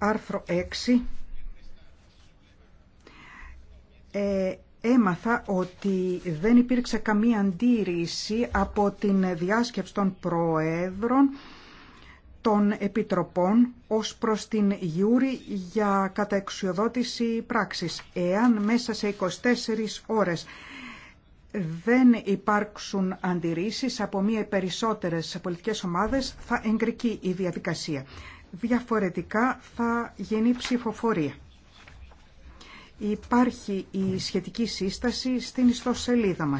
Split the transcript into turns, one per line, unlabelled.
άρθρο 6 ε, έμαθα ότι δεν υπήρξε καμία αντίρρηση από την διάσκεψη των προέδρων των επιτροπών ως προς την Γιούρη για καταεξιοδότηση πράξης. Εάν μέσα σε 24 ώρες δεν υπάρξουν αντιρρήσεις από μία ή περισσότερες πολιτικές ομάδες, θα εγκρικεί διαδικασία διαφορετικά θα γίνει ψηφοφορία. Υπάρχει η σχετική σύσταση στην ιστοσελίδα μας.